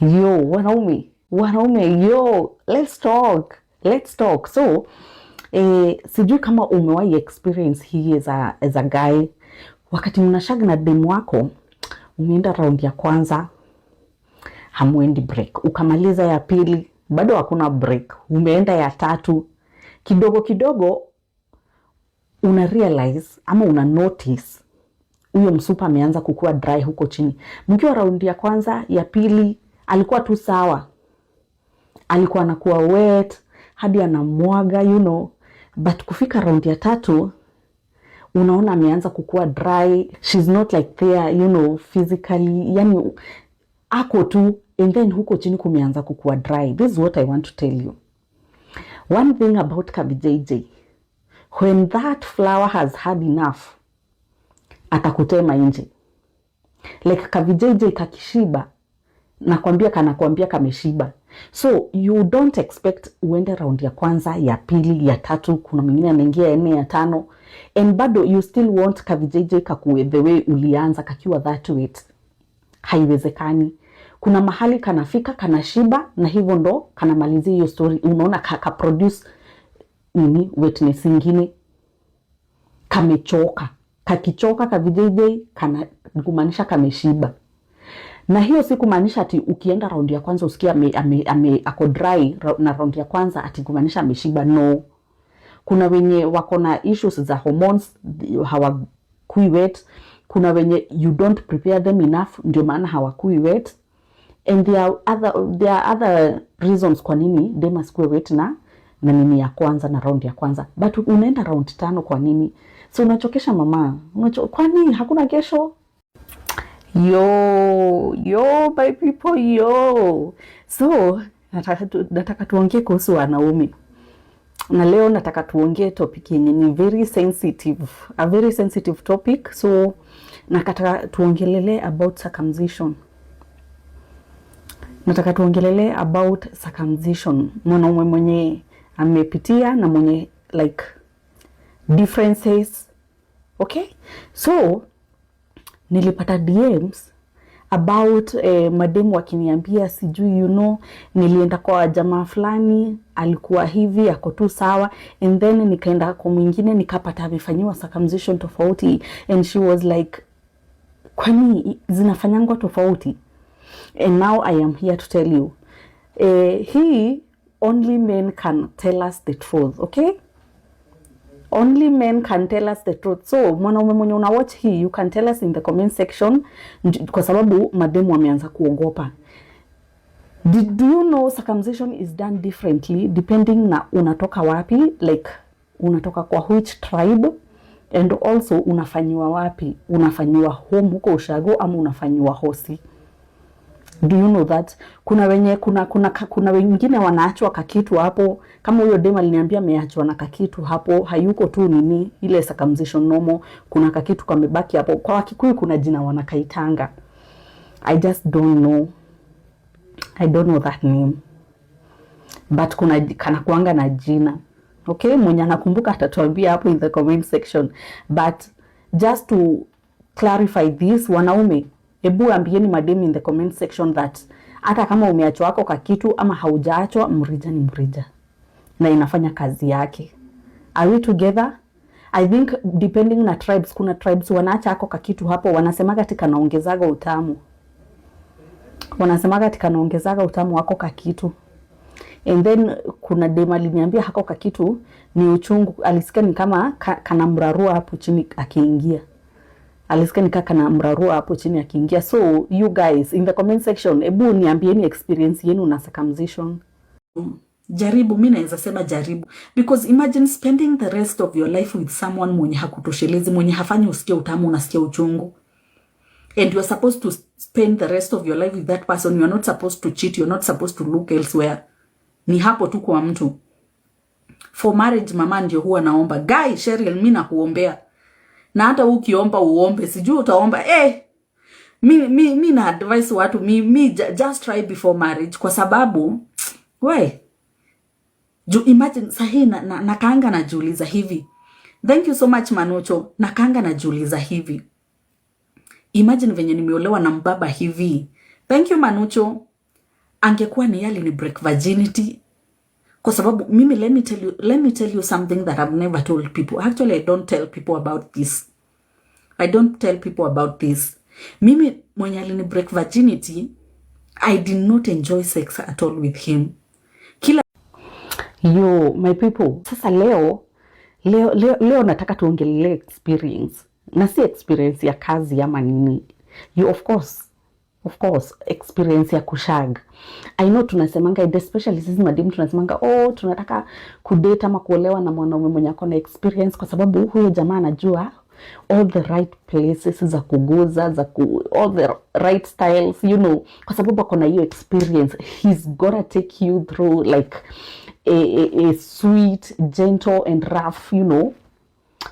yo wanaume wanaume yo let's talk let's talk so eh, sijui kama umewahi experience hii as a, as a guy wakati mnashag na demu wako umeenda raundi ya kwanza hamwendi break ukamaliza ya pili bado hakuna break umeenda ya tatu kidogo kidogo una realize ama una notice huyo msupa ameanza kukua dry huko chini mkiwa raundi ya kwanza ya pili alikuwa tu sawa, alikuwa anakuwa wet hadi anamwaga you know, but kufika raundi ya tatu unaona ameanza kukuwa dry, she's not like there you know physically, yani ako tu and then huko chini kumeanza kukuwa dry. This is what I want to tell you one thing about kabijj when that flower has had enough atakutema nje like kabijj kakishiba nakwambia kanakwambia kameshiba. So you don't expect uende raundi ya kwanza ya pili ya tatu, kuna mwingine anaingia ya nne ya tano, and bado you still want kavijeje kakuwe the way ulianza kakiwa that weight. Haiwezekani. Kuna mahali kanafika kanashiba, na hivyo ndo kanamalizia hiyo story. Unaona kaproduce ka nini wetness ingine, kamechoka. Kakichoka kavijeje kana kumaanisha kameshiba na hiyo si kumaanisha ati ukienda raundi ya kwanza usikia ame, ame, ame, ako dry na raundi ya kwanza ati kumaanisha ameshiba. No, kuna wenye wako na issues za hormones hawakui wet. Kuna wenye you don't prepare them enough, ndio maana hawakui wet, and there are other, there are other reasons kwa nini dem asikue wet na na nini ya kwanza na raundi ya kwanza, but unaenda raundi tano, kwa nini? So unachokesha mama, unacho, kwani hakuna kesho? Yo, yo, my people, yo. So, nataka, tu, nataka tuongee kuhusu wanaume na leo nataka tuongee topic yenye ni very sensitive, a very sensitive topic. So nakataka tuongelele about circumcision. Nataka tuongelele about circumcision, mwanaume mwenye amepitia na mwenye like differences. Okay, so nilipata DMs about eh, mademu wakiniambia sijui you know, nilienda kwa jamaa fulani alikuwa hivi ako tu sawa, and then nikaenda kwa mwingine nikapata amefanyiwa circumcision tofauti, and she was like kwani zinafanyangwa tofauti? And now I am here to tell you eh, hii only men can tell us the truth okay Only men can tell us the truth. So mwanaume mwenye una watch hii, you can tell us in the comment section, kwa sababu mademu wameanza kuogopa. Did, do you know circumcision is done differently depending na unatoka wapi, like unatoka kwa which tribe and also unafanyiwa wapi, unafanyiwa home huko ushago ama unafanyiwa hosi do you know that kuna wenye kuna kuna kuna wengine wanaachwa kakitu hapo, kama huyo dem aliniambia ameachwa na kakitu hapo, hayuko tu nini ile circumcision normal, kuna kakitu kamebaki hapo. Kwa Wakikuyu kuna jina wanakaitanga, I just don't know, I don't know that name but kuna kana kuanga na jina okay, mwenye anakumbuka atatuambia hapo in the comment section, but just to clarify this, wanaume Hebu ambieni madem in the comment section that hata kama umeachwa wako kwa kitu ama haujaachwa, mrija ni mrija na inafanya kazi yake. Are we together? I think depending na tribes, kuna tribes wanaacha ako kwa kitu hapo, wanasemaga ati kanaongezaga utamu, wanasemaga ati kanaongezaga utamu wako kwa kitu and then kuna dem aliniambia hako kakitu ni uchungu, alisikia ni kama ka, kanamrarua hapo chini akiingia alisikia ni kaka na mrarua hapo chini akiingia. So you guys in the comment section, hebu niambieni experience yenu na circumcision. Mm. Jaribu, mimi naweza sema jaribu, because imagine spending the rest of your life with someone mwenye hakutoshelezi, mwenye hafanyi usikie utamu, unasikia uchungu and you are supposed to spend the rest of your life with that person. You are not supposed to cheat, you are not supposed to look elsewhere. Ni hapo tu kwa mtu for marriage. Mama ndio huwa naomba guy Cheryl, mimi nakuombea na hata ukiomba uombe, sijui utaomba eh. mi, mi, mi na advise watu mi, mi, just try before marriage, kwa sababu we ju imagine sahi na, na, nakaanga najiuliza hivi. Thank you so much Manucho, nakaanga najiuliza hivi, imagine venye nimeolewa na mbaba hivi. Thank you Manucho, angekuwa ni yali ni break virginity kwa sababu mimi, let me tell you, let me tell you something that I've never told people. Actually, I don't tell people about this. I don't tell people about this. Mimi mwenye alini break virginity, I did not enjoy sex at all with him. Kila yo my people, sasa leo leo leo, leo nataka tuongelele experience na si experience ya kazi ama nini. You of course of course experience ya kushag. I know tunasemanga especially sisi madimu tunasemanga oh, tunataka kudate ama kuolewa na mwanaume mwenye akona experience, kwa sababu huyo jamaa anajua all the right places za kuguza za ku, all the right styles you know, kwa sababu akona hiyo experience, he's gonna take you through like a, a, a sweet gentle and rough you know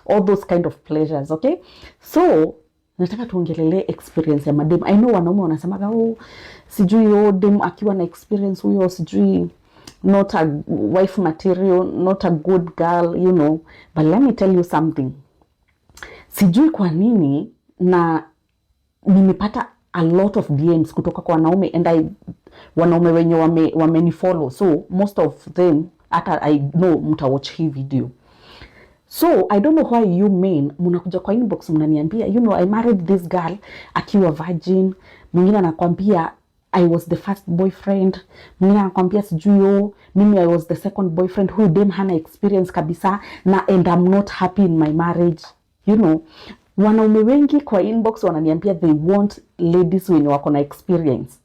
all those kind of pleasures okay so nataka tuongelelee experience ya madem. I know wanaume wanasemaga oh, sijui oh, dem akiwa na experience huyo sijui not a wife material, not a good girl, you know. But let me tell you something. Sijui kwa nini na nimepata a lot of DMs kutoka kwa wanaume and I wanaume wenye wamenifollow wame so most of them hata I know mtawatch hii video So I don't know why you men mnakuja kwa inbox mnaniambia, you know I married this girl akiwa virgin. Mwingine anakwambia I was the first boyfriend. Mwingine anakwambia sijui yo, mimi I was the second boyfriend. who dem hana experience kabisa na and I'm not happy in my marriage. You know, wanaume wengi kwa inbox wananiambia they want ladies wenye wako na experience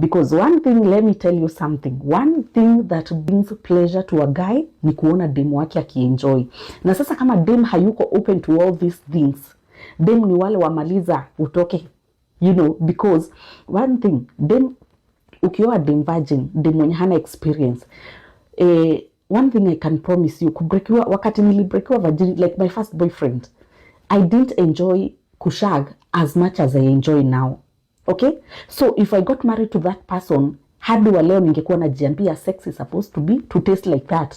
because one thing let me tell you something, one thing that brings pleasure to a guy ni kuona dem wake akienjoy. Na sasa kama dem hayuko open to all these things, dem ni wale wamaliza utoke, you know, because one thing dem, ukioa dem virgin, dem mwenye hana experience eh, one thing I can promise you, kubrekiwa, wakati nilibrekiwa virgin, like my first boyfriend I didn't enjoy kushag as much as I enjoy now Okay, so if I got married to that person hadi wa leo ningekuwa najiambia sex is supposed to be to taste like that.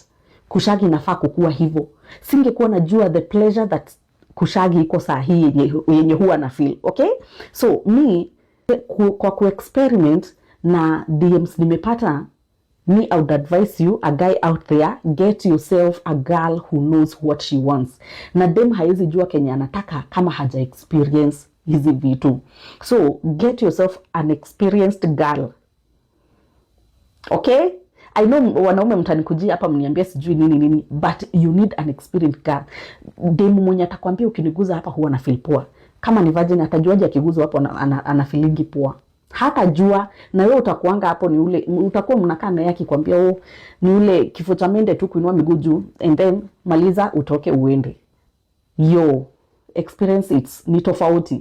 Kushagi inafaa kukuwa hivyo, singekuwa najua the pleasure that kushagi iko saa hii yenye huwa na feel. Okay, so mi ku, experiment na DMs nimepata me I would advise you a guy out there get yourself a girl who knows what she wants. Na dem haizi jua kenye anataka kama haja experience hizi vitu. So get yourself an experienced girl. Okay? I know wanaume mtanikujia hapa mniambia sijui nini nini, but you need an experienced girl. Demu mwenye atakwambia ukiniguza hapa huwa nafeel poa. Kama ni virgin atajuaje akiguza hapo anafilingi poa? Hata jua na wewe utakuanga hapo, ni ule utakuwa mnakaa naye akikwambia, oh, ni ule kifo cha mende tu kuinua miguu juu, and then maliza utoke uende. Yo, experience it, ni tofauti.